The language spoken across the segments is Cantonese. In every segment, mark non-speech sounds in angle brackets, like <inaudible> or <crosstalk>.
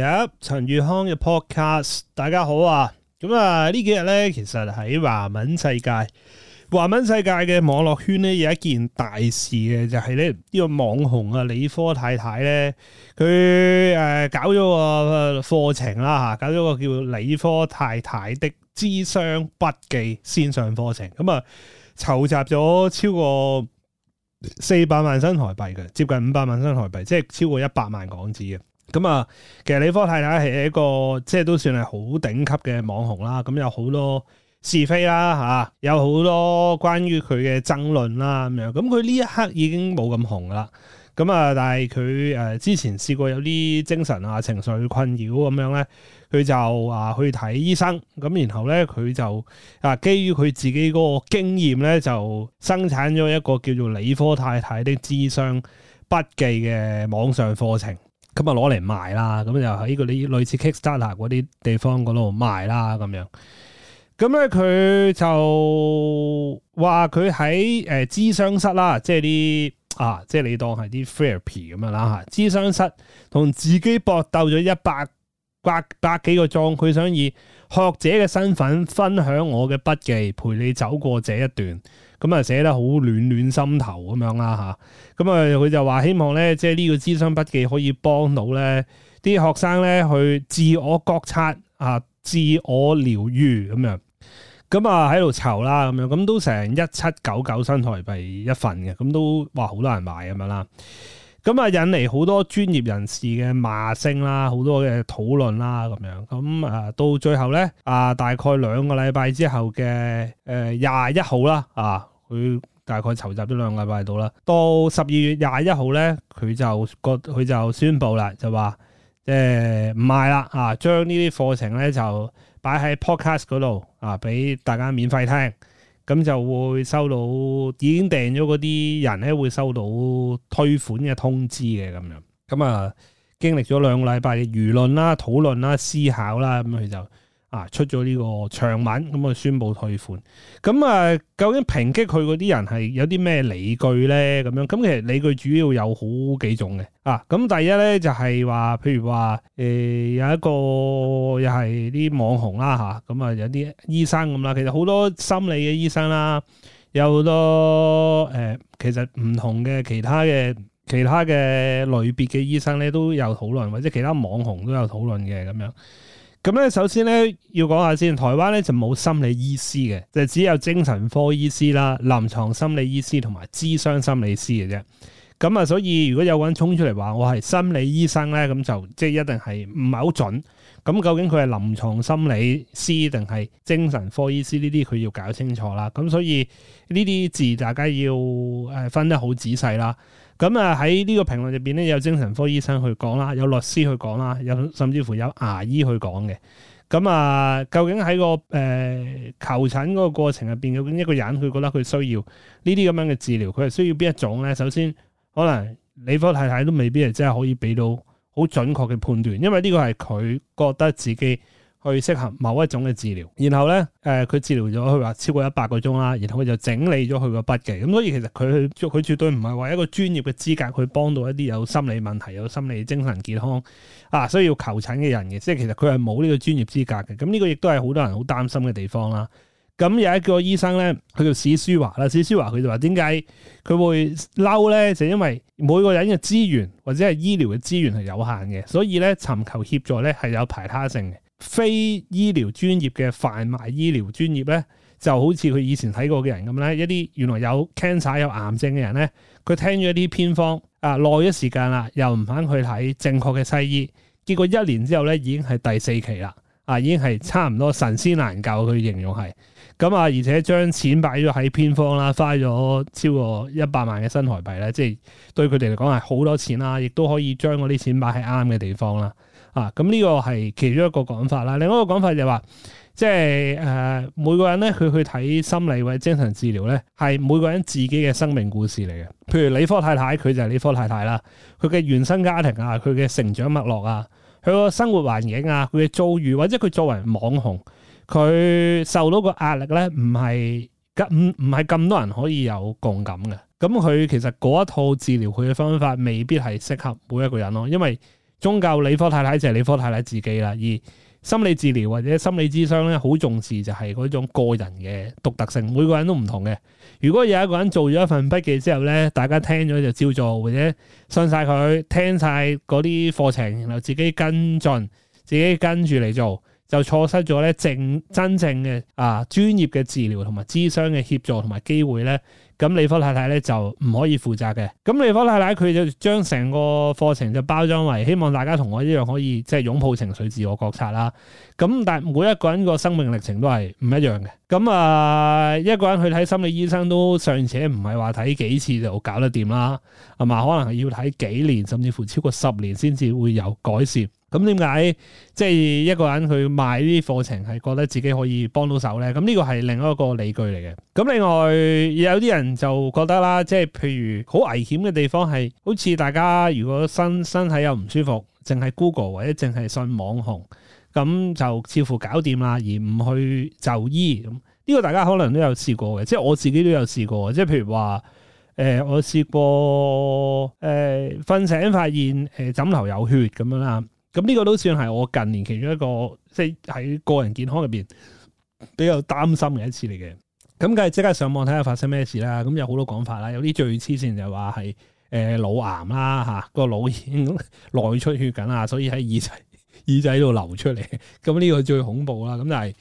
入陳月康嘅 podcast，大家好啊！咁啊，呢幾日咧，其實喺華文世界，華文世界嘅網絡圈咧，有一件大事嘅，就係咧呢個網紅啊，理科太太咧，佢誒搞咗個課程啦吓，搞咗個叫理科太太的諮商筆記線上課程，咁啊，籌集咗超過四百萬新台幣嘅，接近五百萬新台幣，即係超過一百萬港紙嘅。咁啊，其實理科太太係一個即係都算係好頂級嘅網紅啦。咁有好多是非啦，吓有好多關於佢嘅爭論啦，咁樣。咁佢呢一刻已經冇咁紅啦。咁啊，但係佢誒之前試過有啲精神啊情緒困擾咁樣咧，佢就啊去睇醫生。咁然後咧，佢就啊基於佢自己嗰個經驗咧，就生產咗一個叫做理科太太的諮商筆記嘅網上課程。咁啊，攞嚟賣啦，咁就喺個啲類似 Kickstarter 嗰啲地方嗰度賣啦，咁樣。咁咧佢就話佢喺誒諮商室啦，即係啲啊，即係你當係啲 therapy 咁樣啦吓。諮商室同自己搏鬥咗一百百百幾個鐘，佢想以學者嘅身份分享我嘅筆記，陪你走過這一段。咁啊，寫得好暖暖心頭咁樣啦吓，咁啊，佢、啊、就話希望咧，即係呢個諮商筆記可以幫到咧啲學生咧去自我覺察啊，自我療愈咁樣，咁啊喺度籌啦咁樣，咁、啊、都成一七九九新台幣一份嘅，咁、啊、都話好多人買咁樣啦，咁啊，啊引嚟好多專業人士嘅罵聲啦，好、啊、多嘅討論啦咁樣，咁啊，啊到最後咧啊，大概兩個禮拜之後嘅誒廿一號啦啊。佢大概籌集咗兩個禮拜到啦，到十二月廿一號咧，佢就佢就宣布啦，就話誒唔賣啦啊，將呢啲課程咧就擺喺 Podcast 嗰度啊，俾大家免費聽，咁就會收到已經訂咗嗰啲人咧會收到退款嘅通知嘅咁樣，咁啊經歷咗兩個禮拜嘅輿論啦、討論啦、思考啦，咁佢就。啊！出咗呢個長文咁啊，宣布退款。咁啊，究竟抨擊佢嗰啲人係有啲咩理據咧？咁樣咁，其實理據主要有好幾種嘅。啊，咁第一咧就係、是、話，譬如話、呃，有一個又係啲網紅啦嚇，咁啊，啊有啲醫生咁啦，其實好多心理嘅醫生啦，有好多、呃、其實唔同嘅其他嘅其他嘅類別嘅醫生咧都有討論，或者其他網紅都有討論嘅咁樣。咁咧，首先咧要講下先，台灣咧就冇心理醫師嘅，就只有精神科醫師啦、臨床心理醫師同埋諮商心理師嘅啫。咁啊，所以如果有個人衝出嚟話我係心理醫生咧，咁就即係一定係唔係好準。咁究竟佢係臨床心理師定係精神科醫師呢，啲佢要搞清楚啦。咁所以呢啲字大家要誒分得好仔細啦。咁啊喺呢個評論入面，咧，有精神科醫生去講啦，有律師去講啦，有甚至乎有牙醫去講嘅。咁啊，究竟喺個誒求診嗰個過程入面，究竟一個人佢覺得佢需要呢啲咁樣嘅治療，佢係需要邊一種咧？首先，可能理科太太都未必係真係可以俾到好準確嘅判斷，因為呢個係佢覺得自己去適合某一種嘅治療。然後咧，佢、呃、治療咗佢話超過一百個鐘啦，然後佢就整理咗佢個筆記。咁所以其實佢佢絕對唔係話一個專業嘅資格去幫到一啲有心理問題、有心理精神健康啊需要求診嘅人嘅。即係其實佢係冇呢個專業資格嘅。咁呢個亦都係好多人好擔心嘅地方啦。咁有一個醫生咧，佢叫史舒華啦。史舒華佢就話：點解佢會嬲咧？就因為每個人嘅資源或者係醫療嘅資源係有限嘅，所以咧，尋求協助咧係有排他性嘅。非醫療專業嘅販賣醫療專業咧，就好似佢以前睇過嘅人咁啦。一啲原來有 cancer 有癌症嘅人咧，佢聽咗啲偏方啊，耐咗時間啦，又唔肯去睇正確嘅西醫，結果一年之後咧已經係第四期啦。啊，已經係差唔多神仙難救，佢形容係咁啊！而且將錢擺咗喺偏方啦，花咗超過一百萬嘅新台幣咧，即係對佢哋嚟講係好多錢啦，亦都可以將嗰啲錢擺喺啱嘅地方啦。啊，咁呢個係其中一個講法啦。另外一個講法就係話，即係誒、呃，每個人咧佢去睇心理或者精神治療咧，係每個人自己嘅生命故事嚟嘅。譬如理科太太，佢就係理科太太啦，佢嘅原生家庭啊，佢嘅成長脈絡啊。佢個生活環境啊，佢嘅遭遇，或者佢作為網紅，佢受到個壓力咧，唔係咁唔係咁多人可以有共感嘅。咁佢其實嗰一套治療佢嘅方法，未必係適合每一個人咯、啊。因為宗教理科太太就係理科太太自己啦，而心理治療或者心理諮商咧，好重視就係嗰種個人嘅獨特性，每個人都唔同嘅。如果有一個人做咗一份筆記之後咧，大家聽咗就照做，或者信晒佢，聽晒嗰啲課程，然後自己跟進，自己跟住嚟做，就錯失咗咧正真正嘅啊專業嘅治療同埋諮商嘅協助同埋機會咧。咁理科太太咧就唔可以負責嘅，咁理科太太佢就將成個課程就包裝為希望大家同我一樣可以即係擁抱情緒自我覺察啦。咁但每一個人個生命歷程都係唔一樣嘅。咁啊一個人去睇心理醫生都尚且唔係話睇幾次就搞得掂啦，係嘛？可能係要睇幾年，甚至乎超過十年先至會有改善。咁點解即係一個人去賣呢啲課程係覺得自己可以幫到手咧？咁呢個係另一個理據嚟嘅。咁另外有啲人。就覺得啦，即係譬如好危險嘅地方係，好似大家如果身身體又唔舒服，淨係 Google 或者淨係信網紅，咁就似乎搞掂啦，而唔去就醫。咁、這、呢個大家可能都有試過嘅，即係我自己都有試過，、呃、過。即係譬如話，誒，我試過，誒，瞓醒發現，誒、呃，枕頭有血咁樣啦。咁呢個都算係我近年其中一個，即係喺個人健康入邊比較擔心嘅一次嚟嘅。咁梗係即刻上網睇下發生咩事啦！咁有好多講法啦，有啲最黐線就話係誒腦癌啦吓，個腦已經內出血緊啊，所以喺耳仔耳仔度流出嚟。咁呢個最恐怖啦。咁但係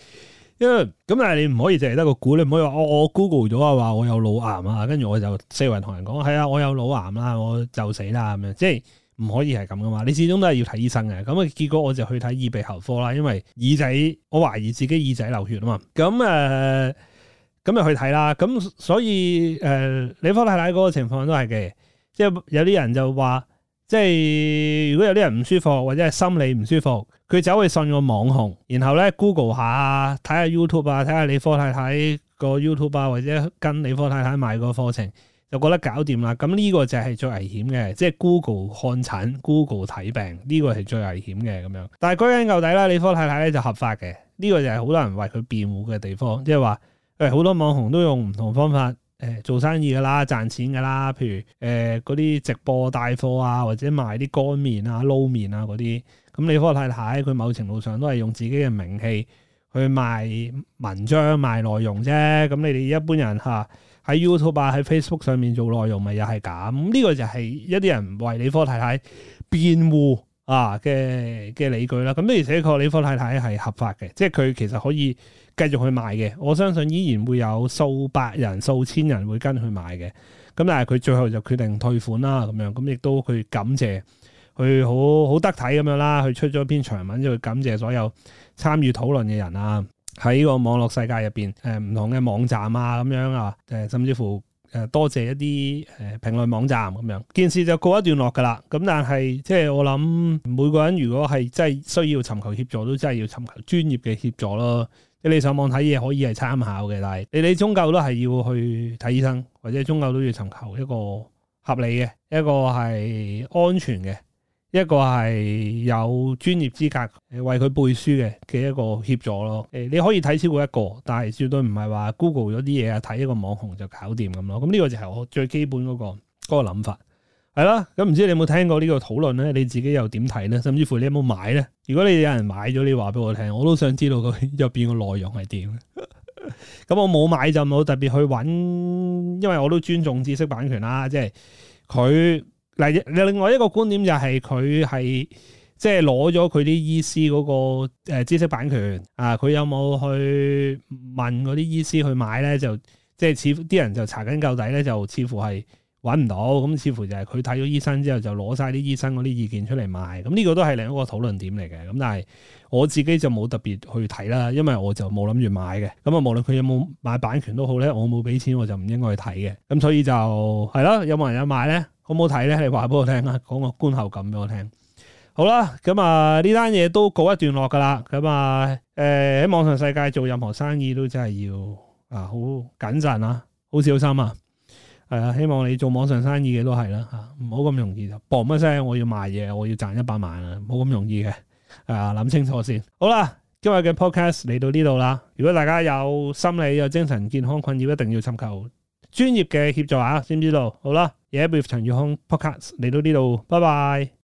因為，咁但係你唔可以淨係得個估，你唔可以話我我 Google 咗啊，話我有腦癌啊，跟住我就四圍同人講，係啊，我有腦癌啦，我就死啦咁樣，即係唔可以係咁噶嘛。你始終都係要睇醫生嘅。咁啊，結果我就去睇耳鼻喉科啦，因為耳仔我懷疑自己耳仔流血啊嘛。咁誒。呃咁就去睇啦，咁所以誒、呃，理科太太嗰個情況都係嘅，即係有啲人就話，即係如果有啲人唔舒服或者係心理唔舒服，佢走去信個網紅，然後咧 Google 下睇下 YouTube 啊，睇下理科太太個 YouTube 啊，或者跟理科太太買個課程，就覺得搞掂啦。咁呢個就係最危險嘅，即係 Google 看診、Google 睇病，呢個係最危險嘅咁樣。但係歸根究底啦，理科太太咧就合法嘅，呢個就係好多人為佢辯護嘅地方，即係話。好多網紅都用唔同方法，做生意噶啦，賺錢噶啦。譬如誒嗰啲直播帶貨啊，或者賣啲乾麵啊、撈麵啊嗰啲。咁理科太太佢某程度上都係用自己嘅名氣去賣文章、賣內容啫。咁你哋一般人嚇喺 YouTube 啊、喺 Facebook 上面做內容咪又係咁？呢個就係一啲人為理科太太辯護。啊嘅嘅理據啦，咁呢啲寫個理科太太係合法嘅，即係佢其實可以繼續去賣嘅。我相信依然會有數百人、數千人會跟去買嘅。咁但係佢最後就決定退款啦，咁樣咁亦都去感謝佢好好得體咁樣啦，佢出咗篇長文就去感謝所有參與討論嘅人啊，喺個網絡世界入面，誒唔同嘅網站啊咁樣啊誒甚至乎。多謝一啲誒評論網站咁，樣件事就告一段落㗎啦。咁但係即係我諗，每個人如果係真係需要尋求協助，都真係要尋求專業嘅協助咯。即係你上網睇嘢可以係參考嘅，但係你哋終究都係要去睇醫生，或者終究都要尋求一個合理嘅一個係安全嘅。一個係有專業資格誒為佢背書嘅嘅一個協助咯誒，你可以睇超過一個，但係絕對唔係話 Google 咗啲嘢啊，睇一個網紅就搞掂咁咯。咁、呢、呢個就係我最基本嗰、個嗰個諗法，係啦。咁唔知你有冇聽過呢個討論呢個討論咧？你自己又點睇咧？甚至乎你有冇買咧？如果你有人買咗，你話俾我聽，我都想知道佢入邊個內容係點。咁 <laughs> 我冇買就冇特別去揾，因為我都尊重知識版權啦，即係佢。嗱，另外一個觀點就係佢係即係攞咗佢啲醫師嗰個誒知識版權啊，佢有冇去問嗰啲醫師去買咧？就即係、就是、似乎啲人就查緊夠底咧，就似乎係搵唔到，咁似乎就係佢睇咗醫生之後就攞晒啲醫生嗰啲意見出嚟賣，咁、這、呢個都係另一個討論點嚟嘅。咁但係我自己就冇特別去睇啦，因為我就冇諗住買嘅。咁啊，無論佢有冇買版權都好咧，我冇俾錢我就唔應該去睇嘅。咁所以就係咯，有冇人有買咧？好唔好睇咧？你話俾我聽啊，講個觀後感俾我聽。好啦，咁啊呢單嘢都告一段落噶啦。咁啊，誒、呃、喺網上世界做任何生意都真係要啊好謹慎啊，好小心啊。係啊，希望你做網上生意嘅都係啦、啊，吓唔好咁容易就嘣一聲我要賣嘢，我要賺一百萬啊，唔好咁容易嘅。啊，諗清楚先。好啦，今日嘅 podcast 嚟到呢度啦。如果大家有心理有精神健康困擾，一定要尋求專業嘅協助啊。知唔知道？好啦。而家會陳宇康 podcast 嚟到呢度，拜拜。拜拜。